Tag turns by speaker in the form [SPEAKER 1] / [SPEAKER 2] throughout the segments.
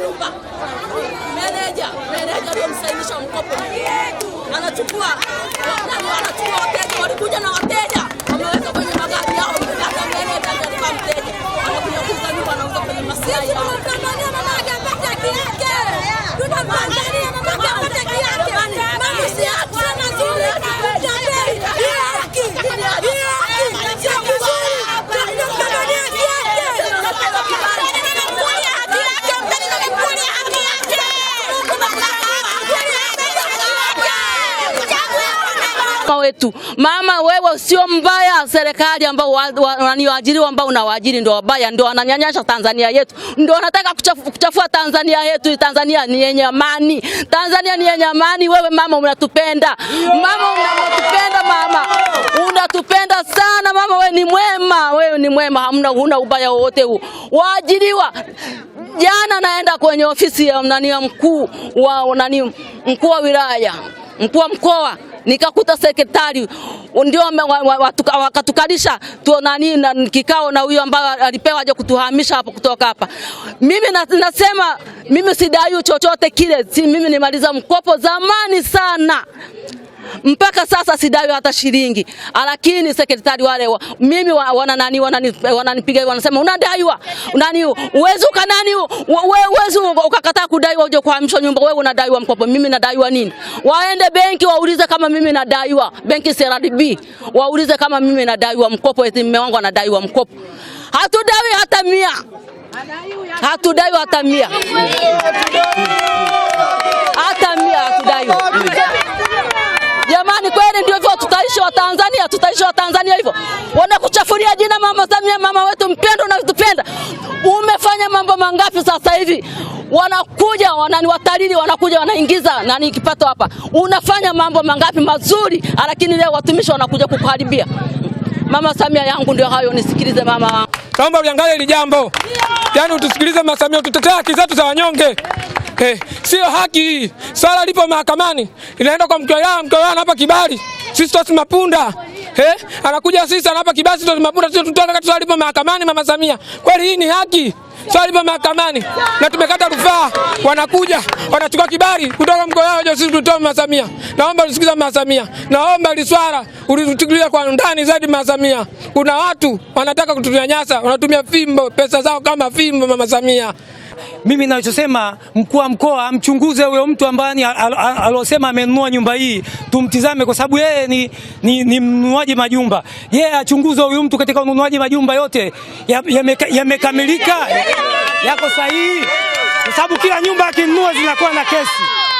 [SPEAKER 1] nyumba. Meneja, meneja aliyomsainisha mkopo anachukua anachukua wateja, walikuja na wateja wameweka kwenye magari yao, meneja anachukua mteja anakuja kuuza nyumba, anauza kwenye maslahi yao. wetu. Mama wewe sio mbaya, serikali ambao waniwaajiri ambao unawaajiri ndio wabaya, ndio wananyanyasha Tanzania yetu, ndio wanataka kuchafu, kuchafua Tanzania yetu. Tanzania ni yenye amani, Tanzania ni yenye amani. Wewe mama unatupenda, mama unatupenda, mama unatupenda sana mama, wewe ni mwema, wewe ni mwema, hamna huna ubaya wowote huu. Waajiriwa jana naenda kwenye ofisi ya nani ya mkuu wa nani, mkuu wa wilaya, mkuu wa mkoa nikakuta sekretari ndio wakatukalisha tuonani kikao na huyo ambaye alipewa aje kutuhamisha hapo kutoka hapa. Mimi na, nasema mimi sidai chochote kile si, mimi nimaliza mkopo zamani sana mpaka sasa sidaiwa hata shilingi, lakini sekretari wale wa, mimi wa, wana nani wananipiga wanani, wanasema unadaiwa nani, uwezi ukanani uwezi ukakataa kudaiwa uje kuhamishwa nyumba, wewe unadaiwa mkopo. Mimi nadaiwa nini? Waende benki waulize kama mimi nadaiwa, benki CRDB waulize kama mimi nadaiwa mkopo, eti mume wangu anadaiwa mkopo. Hatudai hata mia, hatudai hata mia, hata mia hatudai. Watanzania, tutaishi Watanzania hivyo. wanakuchafuria jina Mama Samia, mama wetu mpendwa, unatupenda. Umefanya mambo mangapi sasa hivi? Wanakuja watalili wanakuja wanaingiza nani kipato hapa. Unafanya mambo mangapi mazuri, lakini leo watumishi wanakuja kukuharibia. Mama Samia yangu ndio hayo, nisikilize mama wangu.
[SPEAKER 2] Naomba uliangalia hili jambo, yaani utusikilize Mama Samia, tutetea haki zetu za wanyonge. Eh, sio haki. hii. Swala lipo mahakamani, inaenda kwa mkiwaya, mkiwaya anapa kibali, sisi tosi mapunda eh, anakuja sisi anapa kibali, sisi tosi mapunda, sisi tutoa kati. Swala lipo mahakamani, Mama Samia, kweli hii ni haki? Swala lipo mahakamani na tumekata rufaa, wanakuja wanachukua kibali kutoka mkoa hiyo sisi tutoa. Mama Samia, naomba usikize. Mama Samia, naomba swala ulituchukulia kwa ndani zaidi. Mama Samia, kuna watu wanataka kutunyanyasa, wanatumia fimbo, pesa zao kama fimbo. Mama Samia
[SPEAKER 3] mimi ninachosema mkuu wa mkoa amchunguze huyo mtu ambaye alosema amenunua nyumba hii, tumtizame kwa sababu yeye ni, ni, ni mnunuaji majumba. Yeye achunguze huyu mtu katika ununuaji majumba yote yamekamilika, ya yako sahihi kwa sababu kila nyumba akinunua zinakuwa na kesi,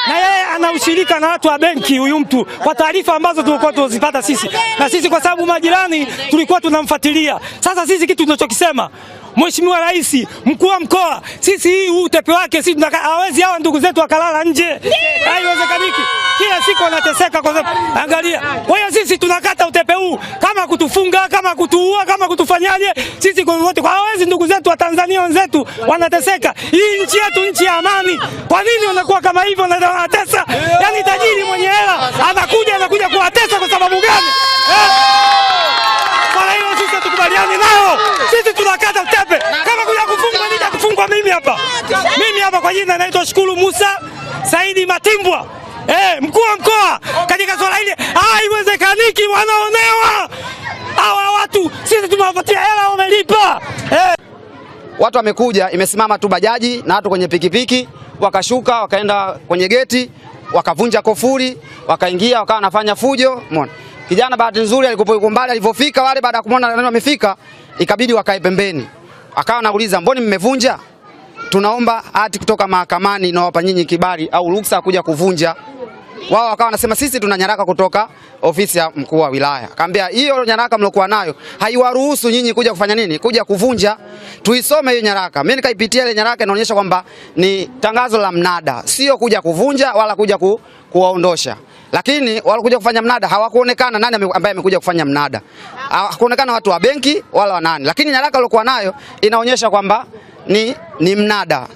[SPEAKER 3] na yeye ana ushirika na watu wa benki huyu mtu, kwa taarifa ambazo tulikuwa tunazipata sisi na sisi, kwa sababu majirani tulikuwa tunamfuatilia. Sasa sisi kitu tunachokisema Mheshimiwa Rais, mkuu wa mkoa, sisi hii utepe wake sisi hawezi, hawa ndugu zetu wakalala nje, haiwezekaniki. Kila siku wanateseka kwa sababu angalia. Kwa hiyo sisi tunakata utepe huu kama kutufunga kama kutuua kama kutufanyaje, sisi kwa wote kwa hawezi. Ndugu zetu wa Tanzania wenzetu wanateseka, hii nchi yetu nchi ya amani. Kwa nini wanakuwa kama hivyo, na wanatesa? Yani tajiri mwenye hela anakuja anakuja kuwatesa kwa sababu gani Kwa hiyo sisi tukubaliane nao, sisi tunakata tepe Kama kuja kufungwa, nija kufungwa mimi hapa, mimi hapa kwa jina naitwa Shukuru Musa Saidi Matimbwa. Eh, mkuu wa mkoa katika swala hili haiwezekaniki, wanaonewa tatu, sisi tumewapatia hela wamelipa. eh.
[SPEAKER 4] Watu wamekuja, imesimama tu bajaji na watu kwenye pikipiki wakashuka wakaenda kwenye geti wakavunja kofuri wakaingia wakawa wanafanya fujo. Umeona kijana, bahati nzuri alikuwa yuko mbali, alivyofika wale, baada ya kumwona nani wamefika, ikabidi wakae pembeni, akawa anauliza mboni mmevunja, tunaomba hati kutoka mahakamani inawapa nyinyi kibali au ruhusa kuja kuvunja wao wakawa wanasema sisi tuna nyaraka kutoka ofisi ya mkuu wa wilaya. Akamwambia hiyo nyaraka mlokuwa nayo haiwaruhusu nyinyi kuja kufanya nini? Kuja kuvunja. Tuisome hiyo nyaraka. Mimi nikaipitia ile nyaraka, inaonyesha kwamba ni tangazo la mnada, sio kuja kuvunja wala kuja ku, kuwaondosha lakini walikuja kufanya mnada hawakuonekana nani ambaye amekuja kufanya mnada, Hakuonekana watu wa benki wala nani. lakini nyaraka waliokuwa nayo inaonyesha kwamba ni, ni mnada.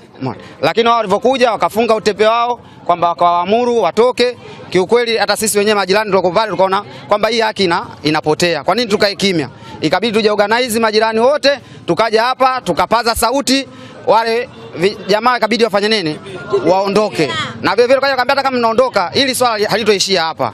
[SPEAKER 4] Lakini wao walivyokuja wakafunga utepe wao kwamba wakawaamuru watoke. Kiukweli hata sisi wenyewe majirani tulikuwa pale tukaona kwamba hii haki ina, inapotea. Kwa nini tukae kimya? Ikabidi tuje organize majirani wote, tukaja hapa tukapaza sauti, wale jamaa ikabidi wafanye nini, waondoke. Na vile vile kaja kaambia, hata kama mnaondoka, ili swala halitoishia hapa.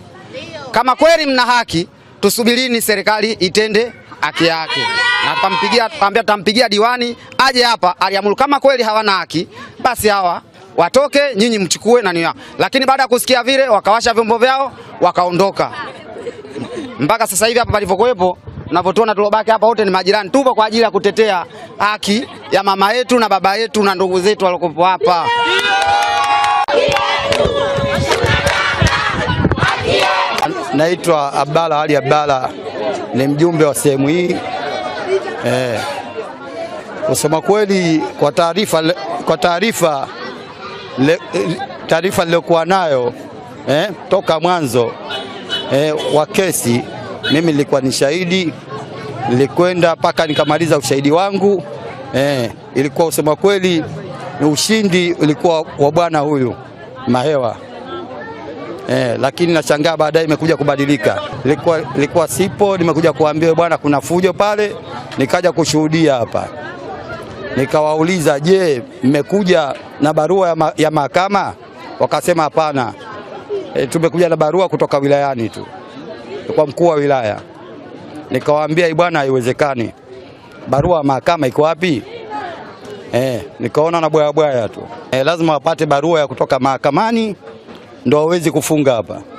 [SPEAKER 4] Kama kweli mna haki, tusubirini serikali itende haki yake na tutampigia tutampigia diwani aje hapa aliamuru. Kama kweli hawana haki, basi hawa watoke, nyinyi mchukue na nini. Lakini baada ya kusikia vile, wakawasha vyombo vyao wakaondoka. Mpaka sasa hivi hapa palivyokuwepo navyotuona tulobaki hapa wote ni majirani, tupo kwa ajili ya kutetea haki ya mama yetu na baba yetu na ndugu zetu waliokuwepo hapa.
[SPEAKER 5] Naitwa Abdalla Ali Abdalla, ni mjumbe wa sehemu hii eh. Kusema kweli, kwa taarifa kwa taarifa Eh, taarifa niliyokuwa nayo eh, toka mwanzo eh, wa kesi, mimi nilikuwa ni shahidi, nilikwenda mpaka nikamaliza ushahidi wangu eh, ilikuwa usema kweli ni ushindi ulikuwa wa bwana huyu Mahewa eh, lakini nashangaa baadaye imekuja kubadilika. Ilikuwa, ilikuwa sipo, nimekuja kuambia bwana kuna fujo pale, nikaja kushuhudia hapa nikawauliza, je, mmekuja na barua ya, ma ya mahakama? Wakasema hapana, e, tumekuja na barua kutoka wilayani tu kwa mkuu wa wilaya. Nikawaambia bwana, haiwezekani, barua ya mahakama iko wapi? E, nikaona na bwayabwaya tu e, lazima wapate barua ya kutoka mahakamani ndo wawezi kufunga hapa.